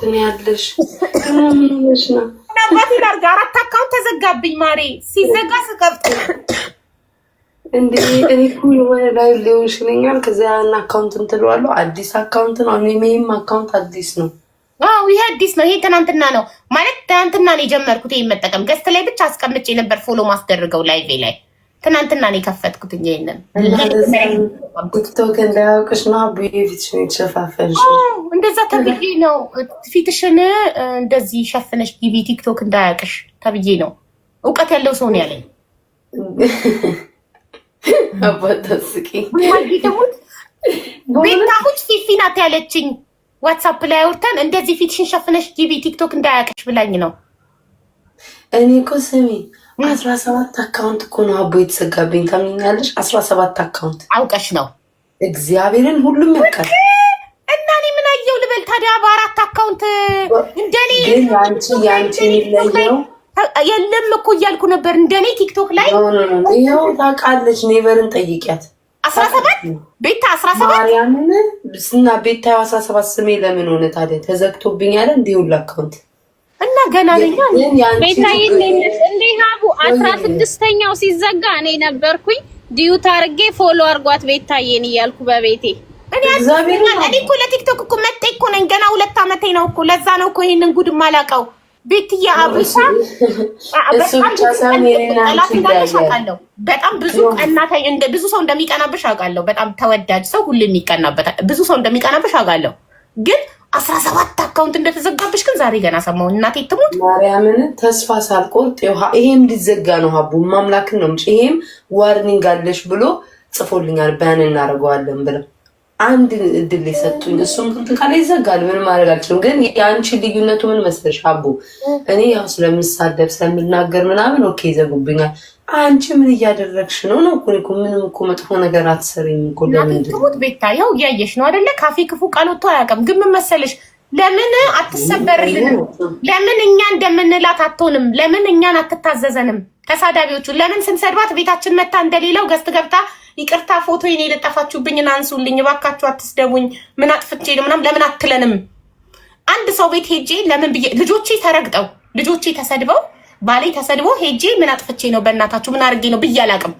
እንትን ያለሽ ነው? ተዘጋብኝ። ማሬ ሲዘጋ ላይ አዲስ አካውንት ነው። አካውንት አዲስ ነው። ይሄ አዲስ ነው። ይሄ ትናንትና ነው ማለት ትናንትና ነው የጀመርኩት። ይሄ መጠቀም ገስት ላይ ብቻ አስቀምጬ ነበር ፎሎ ማስደርገው ላይቬ ላይ ትናንትና ነው የከፈትኩትኝ። ይሄንን ቲክቶክ እንዳያውቅሽ ነው እንደዛ ተብዬ ነው ፊትሽን እንደዚህ ሸፍነሽ ግቢ ቲክቶክ እንዳያውቅሽ ተብዬ ነው። እውቀት ያለው ሰው ነው ያለኝ። ቤታሁች ፊፊ ናት ያለችኝ ዋትሳፕ ላይ አውርተን፣ እንደዚህ ፊትሽን ሸፍነሽ ግቢ ቲክቶክ እንዳያውቅሽ ብላኝ ነው። እኔ እኮ ስሚ አስራ ሰባት አካውንት እኮ ነው አቦ የተዘጋብኝ። ታምኛለሽ? አስራ ሰባት አካውንት አውቀሽ ነው እግዚአብሔርን ሁሉም ያውቃል። እና እኔ ምን አየው ልበል ታዲያ? በአራት አካውንት እንደኔ አንቺ የአንቺ የሚለየው የለም እኮ እያልኩ ነበር። እንደኔ ቲክቶክ ላይ ይኸው ታውቃለች። ኔቨርን ጠይቂያት። አስራ ሰባት ቤታ አስራ ሰባት ማርያምን ስና ቤታ አስራ ሰባት ስሜ ለምን ሆነ ታዲያ ተዘግቶብኛል እንዲህ አካውንት እና ገና ነኝ ቤታዬ። እንዴ ሀቡ አስራ ስድስተኛው ሲዘጋ እኔ ነበርኩኝ ዲዩት አርጌ ፎሎ አርጓት ቤታዬን እያልኩ በቤቴ እኔ እኮ ለቲክቶክ እኮ መጤ እኮ ነኝ። ገና ሁለት ዓመቴ ነው እኮ። ለዛ ነው እኮ ጉድ ቤትዬ በጣም ብዙ ብዙ ሰው እንደሚቀናብሽ አውቃለሁ። በጣም ተወዳጅ ሰው ሁሉ የሚቀናበታል። ብዙ ሰው እንደሚቀናብሽ አውቃለሁ ግን አስራ ሰባት አካውንት እንደተዘጋብሽ ግን ዛሬ ገና ሰማሁ። እናቴ ትሙት ማርያምን ተስፋ ሳልቆርጥ ይሄም ሊዘጋ ነው። ሀቡ ማምላክን ነው ይሄም ዋርኒንግ አለሽ ብሎ ጽፎልኛል። ባን እናደርገዋለን ብለው አንድ እድል የሰጡኝ እሱም እንትን ካለ ይዘጋል። ምን ማድረግ አልችልም። ግን የአንቺ ልዩነቱ ምን መስለሽ ሀቡ፣ እኔ ያው ስለምሳደብ ስለምናገር ምናምን ኦኬ ይዘጉብኛል። አንቺ ምን እያደረግሽ ነው? ነው እኮ ምንም እኮ መጥፎ ነገር አትሰሪም እኮ። ቤታ ያው እያየሽ ነው አደለ? ካፌ ክፉ ቃል ወጥቶ አያውቅም። ግን ምን መሰለሽ፣ ለምን አትሰበርልንም? ለምን እኛ እንደምንላት አትሆንም? ለምን እኛን አትታዘዘንም? ተሳዳቢዎቹ ለምን ስንሰድባት ቤታችን መታ እንደሌለው ገዝት ገብታ ይቅርታ ፎቶ ኔ የለጠፋችሁብኝን አንሱልኝ እባካችሁ፣ አትስደቡኝ፣ ምን አጥፍቼ ምናምን ለምን አትለንም? አንድ ሰው ቤት ሄጄ ለምን ብዬ ልጆቼ ተረግጠው ልጆቼ ተሰድበው ባሌ ተሰድቦ ሄጄ ምን አጥፍቼ ነው በእናታችሁ ምን አድርጌ ነው ብዬ አላቅም።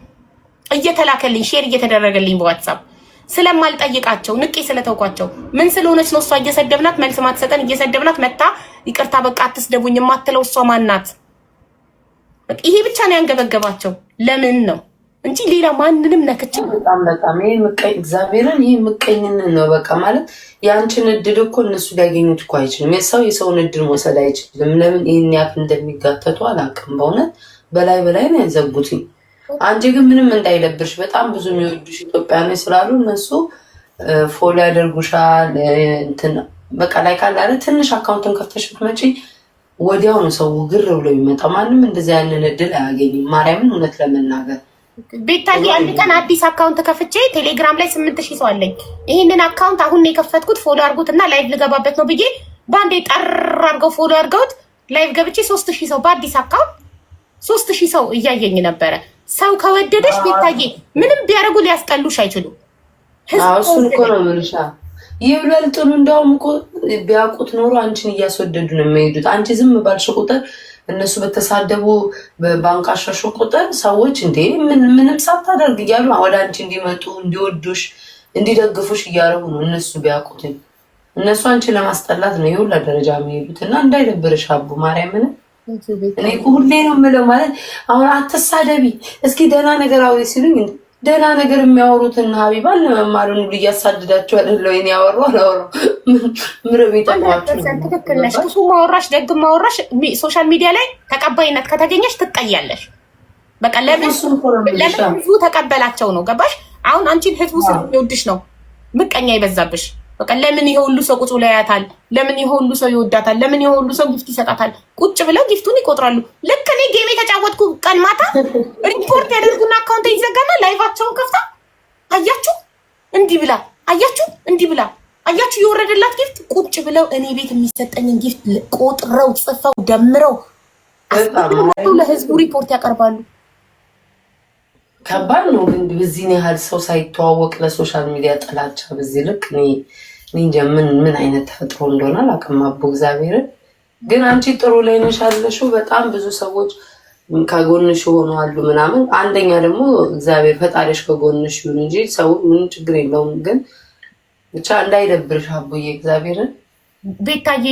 እየተላከልኝ ሼር እየተደረገልኝ በዋትሳፕ ስለማልጠይቃቸው ንቄ ስለተውኳቸው ምን ስለሆነች ነው እሷ እየሰደብናት መልስ ማትሰጠን እየሰደብናት መታ ይቅርታ በቃ አትስደቡኝ የማትለው እሷ ማናት? ይሄ ብቻ ነው ያንገበገባቸው። ለምን ነው እንጂ ሌላ ማንንም ነክቼ በጣም በጣም ይህ ምቀኝ እግዚአብሔርን ይህ ምቀኝነት ነው። በቃ ማለት የአንችን እድል እኮ እነሱ ሊያገኙት እኮ አይችልም። የሰው የሰውን እድል መውሰድ አይችልም። ለምን ይህን ያክል እንደሚጋተቱ አላውቅም። በእውነት በላይ በላይ ነው ያዘጉትኝ። አንቺ ግን ምንም እንዳይለብርሽ በጣም ብዙ የሚወዱሽ ነው ስላሉ እነሱ ፎሎ ያደርጉሻል። በቃ ላይ ካለ ትንሽ አካውንትን ከፍተሽ ብትመጪ ወዲያውኑ ሰው ግር ብሎ የሚመጣው ማንም እንደዚያ ያንን እድል አያገኝም። ማርያምን እውነት ለመናገር ቤታዬ አንድ ቀን አዲስ አካውንት ከፍቼ ቴሌግራም ላይ ስምንት ሺህ ሰው አለኝ። ይህንን አካውንት አሁን የከፈትኩት ፎሎ አድርጎት እና ላይቭ ልገባበት ነው ብዬ በአንዴ ጠር አድርገው ፎሎ አድርገውት ላይቭ ገብቼ ሶስት ሺህ ሰው በአዲስ አካውንት ሶስት ሺህ ሰው እያየኝ ነበረ። ሰው ከወደደሽ ቤታዬ ምንም ቢያደርጉ ሊያስቀሉሽ አይችሉም። እሱን እኮ ነው ምንሻ ይብለል ጥሉ። እንደውም እኮ ቢያውቁት ኖሮ አንቺን እያስወደዱ ነው የሚሄዱት። አንቺ ዝም ባልሽ ቁጥር እነሱ በተሳደቡ በአንቃሻሾ ቁጥር ሰዎች እንዴ ምንም ሳታደርግ እያሉ ወደ አንቺ እንዲመጡ እንዲወዱሽ እንዲደግፉሽ እያደረጉ ነው። እነሱ ቢያውቁትኝ እነሱ አንቺ ለማስጠላት ነው የሁላ ደረጃ የሚሄዱት። እና እንዳይደብርሽ አቡ ማርያምን እኔ ሁሌ ነው የምለው ማለት አሁን አትሳደቢ እስኪ ደህና ነገር አውሪ ሲሉኝ ደህና ነገር የሚያወሩትን ሀቢባ ለመማር ነው እያሳድዳቸው አይደለው? ይሄን ያወሩ አላወሩ ምንም ይጠቅማቸው። ትክክል ነሽ። ክፉ ማወራሽ ደግ ማወራሽ ሶሻል ሚዲያ ላይ ተቀባይነት ከተገኘሽ ትቀያለሽ። በቃ ለምን ህዝቡ ተቀበላቸው ነው ገባሽ? አሁን አንቺን ህዝቡ ስለሚወድሽ ነው ምቀኛ ይበዛብሽ። በቃ ለምን ይሄ ሁሉ ሰው ቁጭ ብሎ ያያታል? ለምን ይሄ ሁሉ ሰው ይወዳታል? ለምን ይሄ ሁሉ ሰው ጊፍት ይሰጣታል? ቁጭ ብለው ጊፍቱን ይቆጥራሉ። ልክ እኔ ጌሜ ተጫወትኩ ቀን ማታ ሪፖርት ያደርጉና አካውንት ይዘጋና ላይቫቸውን ከፍታ አያችሁ እንዲህ ብላ አያችሁ እንዲህ ብላ አያችሁ የወረደላት ጊፍት ቁጭ ብለው እኔ ቤት የሚሰጠኝን ጊፍት ቆጥረው ጽፈው ደምረው ለህዝቡ ሪፖርት ያቀርባሉ። ከባድ ነው ግን በዚህን ያህል ሰው ሳይተዋወቅ ለሶሻል ሚዲያ ጥላቻ በዚህ ልክ እኔ እንጃ ምን ምን አይነት ተፈጥሮ እንደሆነ አላውቅም። አቦ እግዚአብሔርን ግን አንቺ ጥሩ ላይ ነሽ ያለሽው። በጣም ብዙ ሰዎች ከጎንሽ የሆኑ አሉ ምናምን። አንደኛ ደግሞ እግዚአብሔር ፈጣሪሽ ከጎንሽ ይሁን እንጂ ሰው ምን ችግር የለውም። ግን ብቻ እንዳይደብርሽ አቦዬ እግዚአብሔርን ቤታዬ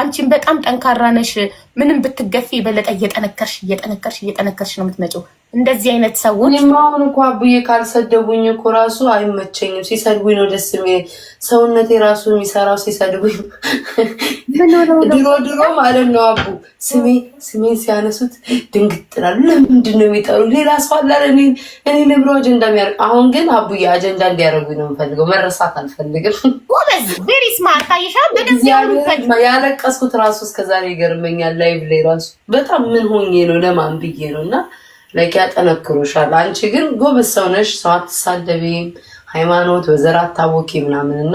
አንቺን በጣም ጠንካራ ነሽ። ምንም ብትገፊ የበለጠ እየጠነከርሽ እየጠነከርሽ እየጠነከርሽ ነው የምትመጪው። እንደዚህ አይነት ሰዎች እኔማ አሁን እኮ አብዬ ካልሰደቡኝ እኮ ራሱ አይመቸኝም። ሲሰድቡኝ ነው ደስ የሚል ሰውነቴ ራሱ የሚሰራው ሲሰድቡኝ። ድሮ ድሮ ማለት ነው አቡ ስሜ ስሜን ሲያነሱት ድንግጥላሉ። ለምንድን ነው የሚጠሩ? ሌላ ሰው አላለ እኔ ንብሮ አጀንዳ የሚያደርግ አሁን ግን አቡዬ አጀንዳ እንዲያደርጉኝ ነው የምፈልገው። መረሳት አልፈልግም። ያለቀስኩት ራሱ እስከዛሬ ይገርመኛል። ላይቭ ላይ ራሱ በጣም ምን ሆኜ ነው ለማን ብዬ ነው እና ለቂ ያጠነክሩሻል። አንቺ ግን ጎበዝ ሰው ነሽ፣ ሰው አትሳደቢም፣ ሃይማኖት በዘር አታወቂ ምናምን እና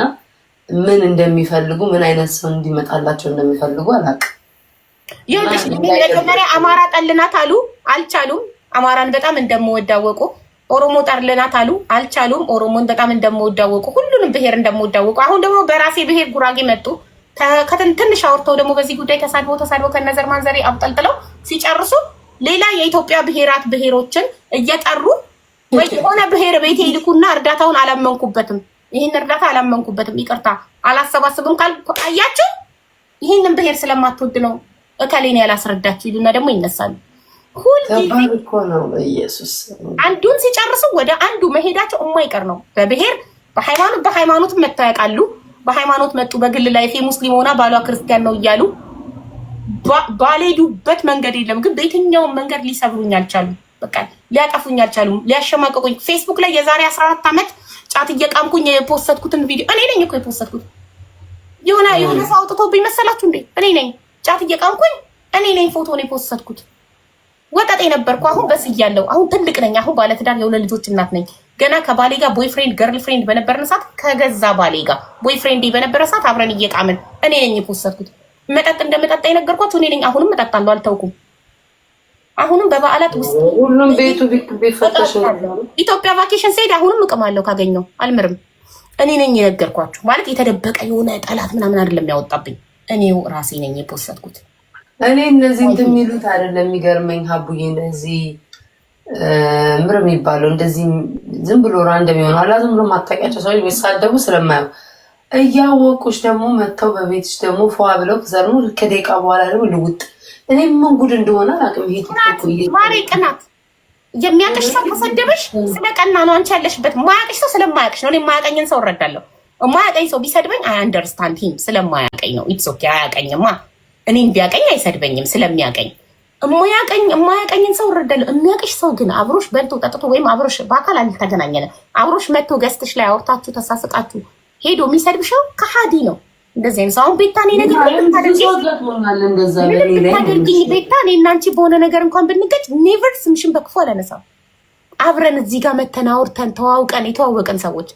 ምን እንደሚፈልጉ ምን አይነት ሰው እንዲመጣላቸው እንደሚፈልጉ አላውቅም። ይኸውልሽ መጀመሪያ አማራ ጠልናት አሉ፣ አልቻሉም። አማራን በጣም እንደምወድ ኦሮሞ ጠልናት አሉ፣ አልቻሉም። ኦሮሞን በጣም እንደምወድ ሁሉንም ብሔር እንደምወድ አሁን ደግሞ በራሴ ብሄር ጉራጌ መጡ። ከትንሽ አውርተው ደግሞ በዚህ ጉዳይ ተሳድበው ተሳድበው ከነዘር ማንዘሬ አብጠልጥለው ሲጨርሱ ሌላ የኢትዮጵያ ብሔራት ብሔሮችን እየጠሩ ወይ የሆነ ብሔር ቤት ይልኩና እርዳታውን አላመንኩበትም፣ ይህን እርዳታ አላመንኩበትም፣ ይቅርታ አላሰባስብም ካል አያችሁ፣ ይህንን ብሔር ስለማትወድ ነው እከሌን ያላስረዳችሁ ይሉና ደግሞ ይነሳሉ። ሁልጊዜሱስ አንዱን ሲጨርሱ ወደ አንዱ መሄዳቸው የማይቀር ነው። በብሔር በሃይማኖት በሃይማኖት መታወቃሉ። በሃይማኖት መጡ በግል ላይፌ ሙስሊም ሆና ባሏ ክርስቲያን ነው እያሉ ባልሄዱበት መንገድ የለም፣ ግን በየትኛውን መንገድ ሊሰብሩኝ አልቻሉም። በቃ ሊያጠፉኝ አልቻሉም፣ ሊያሸማቀቁኝ። ፌስቡክ ላይ የዛሬ አስራ አራት ዓመት ጫት እየቃምኩኝ የፖሰትኩትን ቪዲዮ እኔ ነኝ እኮ የፖሰትኩት። የሆነ የሆነ ሰው አውጥቶብኝ መሰላችሁ እንዴ? እኔ ነኝ ጫት እየቃምኩኝ እኔ ነኝ ፎቶ ነው የፖሰትኩት። ወጠጤ ነበርኩ። አሁን በስያለሁ። አሁን ትልቅ ነኝ። አሁን ባለትዳር የሁለት ልጆች እናት ነኝ። ገና ከባሌ ጋር ቦይፍሬንድ ገርል ፍሬንድ በነበረን ሰዓት ከገዛ ባሌ ጋር ቦይፍሬንድ በነበረ ሰዓት አብረን እየቃምን እኔ ነኝ የፖሰትኩት። መጠጥ እንደመጠጣ የነገርኳት እኔ ነኝ። አሁንም እጠጣለሁ፣ አልተውኩም። አሁንም በበዓላት ውስጥ ሁሉም ቤቱ ቢፈተሽ ኢትዮጵያ ቫኬሽን ስሄድ አሁንም እቅማለሁ፣ ካገኘው አልምርም። እኔ ነኝ የነገርኳችሁ። ማለት የተደበቀ የሆነ ጠላት ምናምን አይደለም ያወጣብኝ፣ እኔው ራሴ ነኝ የፖሰትኩት። እኔ እነዚህ እንደሚሉት አይደለም የሚገርመኝ፣ ሀቡዬ እነዚህ ምር የሚባለው እንደዚህ ዝም ብሎ ራንደም ይሆናል። ዝም ብሎ ማታውቂያቸው ሰዎች የሚሳደቡ ስለማየው እያወቁች ደግሞ መጥተው በቤትች ደግሞ ፏ ብለው ዘርሙ ከደቂቃ በኋላ ደግሞ ልውጥ። እኔ ምን ጉድ እንደሆነ አቅም ይሄ ማሬ ቅናት የሚያቀሽ ሰው ከሰደበሽ ስለ ቀና ነው አንቺ ያለሽበት። ማያቀሽ ሰው ስለማያቀሽ ነው። እኔ ማያቀኝን ሰው እረዳለሁ። ማያቀኝ ሰው ቢሰድበኝ አይ አንደርስታንድ ሂም ስለማያቀኝ ነው። ኢትስ ኦኬ አያቀኝማ እኔም ቢያቀኝ አይሰድበኝም ስለሚያቀኝ እማያቀኝ እማያቀኝን ሰው እረዳለሁ። የሚያውቅሽ ሰው ግን አብሮሽ በልቶ ጠጥቶ ወይም አብሮሽ በአካል አልተገናኘንም አብሮሽ መጥቶ ገስትሽ ላይ አውርታችሁ ተሳስቃችሁ ሄዶ የሚሰድብሸው ከሀዲ ነው። እንደዚህ አይነት አሁን ቤታ እኔ ነገር ብታደርግኝ ቤታ እኔ እናንቺ በሆነ ነገር እንኳን ብንገጭ ኔቨር ስምሽን በክፉ አላነሳም። አብረን እዚህ ጋር መተን አውርተን ተዋውቀን የተዋወቀን ሰዎች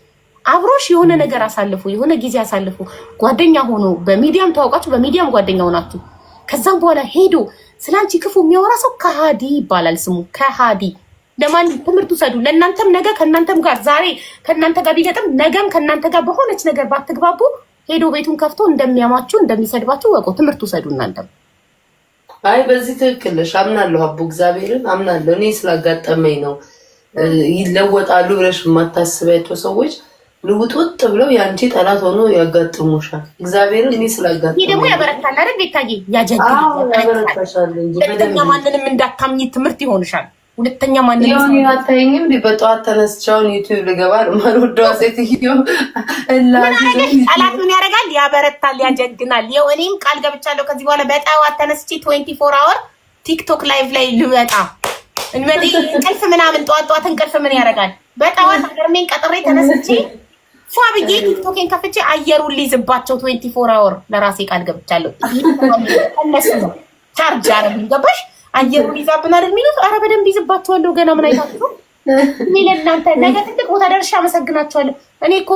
አብሮሽ የሆነ ነገር አሳልፉ የሆነ ጊዜ አሳልፉ ጓደኛ ሆኖ በሚዲያም ተዋውቃችሁ በሚዲያም ጓደኛ ሆናችሁ ከዛም በኋላ ሄዶ ስለ አንቺ ክፉ የሚያወራ ሰው ከሀዲ ይባላል ስሙ ከሀዲ ለማን ትምህርት ውሰዱ። ለእናንተም ነገ ከእናንተም ጋር ዛሬ ከእናንተ ጋር ቢገጥም ነገም ከእናንተ ጋር በሆነች ነገር ባትግባቡ ሄዶ ቤቱን ከፍቶ እንደሚያማችሁ እንደሚሰድባችሁ ወቁ። ትምህርት ውሰዱ እናንተም። አይ በዚህ ትክክል ነሽ፣ አምናለሁ። አቡ እግዚአብሔርን አምናለሁ። እኔ ስላጋጠመኝ ነው። ይለወጣሉ ብለሽ የማታስቢያቸው ሰዎች ልውጥውጥ ብለው የአንቺ ጠላት ሆኖ ያጋጥሙሻል። እግዚአብሔርን እኔ ስላጋጠመኝ ደግሞ ያበረታል አይደል? ቤታዬ ያጀግ ያበረታሻል እንጂ ማንንም እንዳታምኝ ትምህርት ይሆንሻል። ሁለተኛ ማንኛውም በጠዋት ተነስቻውን ዩቲዩብ ልገባ ነው ማልወደዋ ሴትዮ ጠላት ምን ያደርጋል? ያበረታል፣ ያጀግናል። ይኸው እኔም ቃል ገብቻለሁ ከዚህ በኋላ በጠዋት ተነስቼ ትዌንቲ ፎር አወር ቲክቶክ ላይቭ ላይ ልመጣ እንግዲህ እንቅልፍ ምናምን ጠዋት ጠዋት እንቅልፍ ምን ያደርጋል? በጠዋት አገርሜን ቀጥሬ ተነስቼ ፏ ብዬ ቲክቶኬን ከፍቼ አየሩ ሊዝባቸው ትዌንቲ ፎር አወር ለራሴ ቃል ገብቻለሁ። ቻርጅ አረብ ገባሽ አየሩን ይዛብን አይደል የሚሉት። አረ በደንብ ይዝባቸዋለሁ። ገና ምን አይታችሁ ሚል እናንተ ነገ ትልቅ ቦታ ደርሼ አመሰግናቸዋለሁ። እኔ እኮ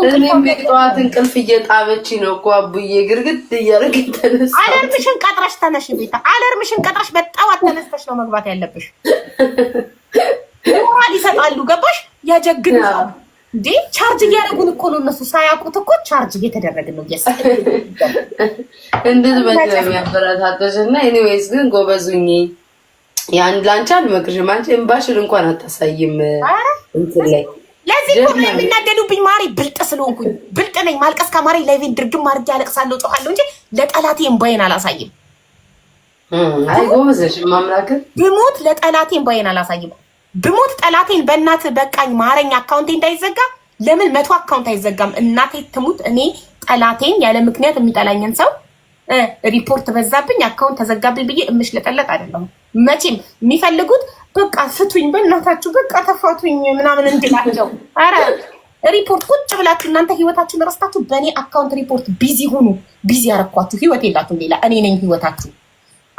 ጠዋት እንቅልፍ እየጣበች ነው እኮ አቡዬ፣ ግርግት እያደረግ ተነስ። አለርምሽን ቀጥረሽ ተነሽ ቤታ፣ አለርምሽን ቀጥረሽ በጠዋት ተነስተሽ ነው መግባት ያለብሽ። ሞራል ይሰጣሉ። ገባሽ? ያጀግን እንዴ ቻርጅ እያደረጉን እኮ ነው እነሱ ሳያውቁት እኮ ቻርጅ እየተደረግን ነው። ስ እንድትበት ነው የሚያበረታተሽ እና ኒዌይስ ግን ጎበዙኝ ያን ላንቺ አልመክርሽም። አንቺ እምባሽን እንኳን አታሳይም። እንትን ላይ ለዚህ እኮ ነው የሚናደዱብኝ። ማሪ ብልጥ ስለሆንኩኝ ብልጥ ነኝ። ማልቀስ ከማሪ ላይቬን ድርግም አድርጌ አለቅሳለሁ፣ ጮኋለሁ እንጂ ለጠላቴ እምባዬን አላሳይም። አይ ጎበዝሽ ማምላክን ብሞት ለጠላቴ እምባዬን አላሳይም። ብሞት ጠላቴን በእናት በቃኝ ማረኝ አካውንቴ እንዳይዘጋ ለምን መቶ አካውንት አይዘጋም? እናቴ ትሙት እኔ ጠላቴን ያለ ምክንያት የሚጠላኝን ሰው ሪፖርት በዛብኝ አካውንት ተዘጋብኝ ብዬ እምሽለጠለጥ አይደለም። መቼም የሚፈልጉት በቃ ፍቱኝ፣ በእናታችሁ በቃ ተፋቱኝ ምናምን እንድላቸው። ኧረ ሪፖርት ቁጭ ብላችሁ እናንተ ህይወታችሁን ረስታችሁ በእኔ አካውንት ሪፖርት ቢዚ ሁኑ። ቢዚ ያረኳችሁ ህይወት የላችሁ ሌላ፣ እኔ ነኝ ህይወታችሁ።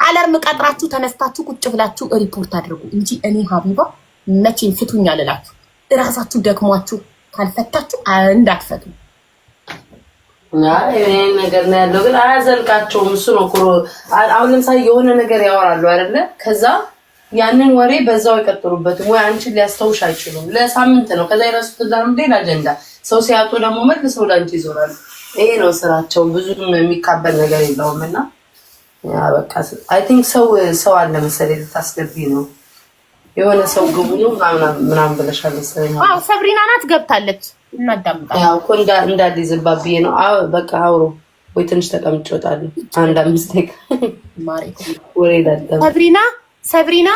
አለርም ቀጥራችሁ ተነስታችሁ ቁጭ ብላችሁ ሪፖርት አድርጉ እንጂ እኔ ሀቢባ መቼም ፍቱኝ አልላችሁ። እራሳችሁ ደክሟችሁ ካልፈታችሁ እንዳትፈቱ። ነገር ነው ያለው፣ ግን አያዘልቃቸውም። እሱ ነው አሁን ለምሳሌ የሆነ ነገር ያወራሉ አይደለ? ከዛ ያንን ወሬ በዛው አይቀጥሉበትም ወይ አንቺን ሊያስታውሽ አይችሉም። ለሳምንት ነው፣ ከዛ የራሱት ዳርም ሌላ አጀንዳ። ሰው ሲያጡ ደግሞ መልሰው ወደ አንቺ ይዞራሉ። ይሄ ነው ስራቸው። ብዙም የሚካበል ነገር የለውም። እና በቃ አይ ቲንክ ሰው ሰው አለ መሰለኝ ልታስገቢ ነው የሆነ ሰው ግቡ ምናምን ብለሻል መሰለኝ። ሰብሪና ናት ገብታለች። እናዳምጣለን። ያው እኮ ነው። አዎ በቃ አውሮ ወይ ትንሽ ተቀምጬ እወጣለሁ። አንድ አምስት ደቂቃ ወሬ ሰብሪና ሰብሪና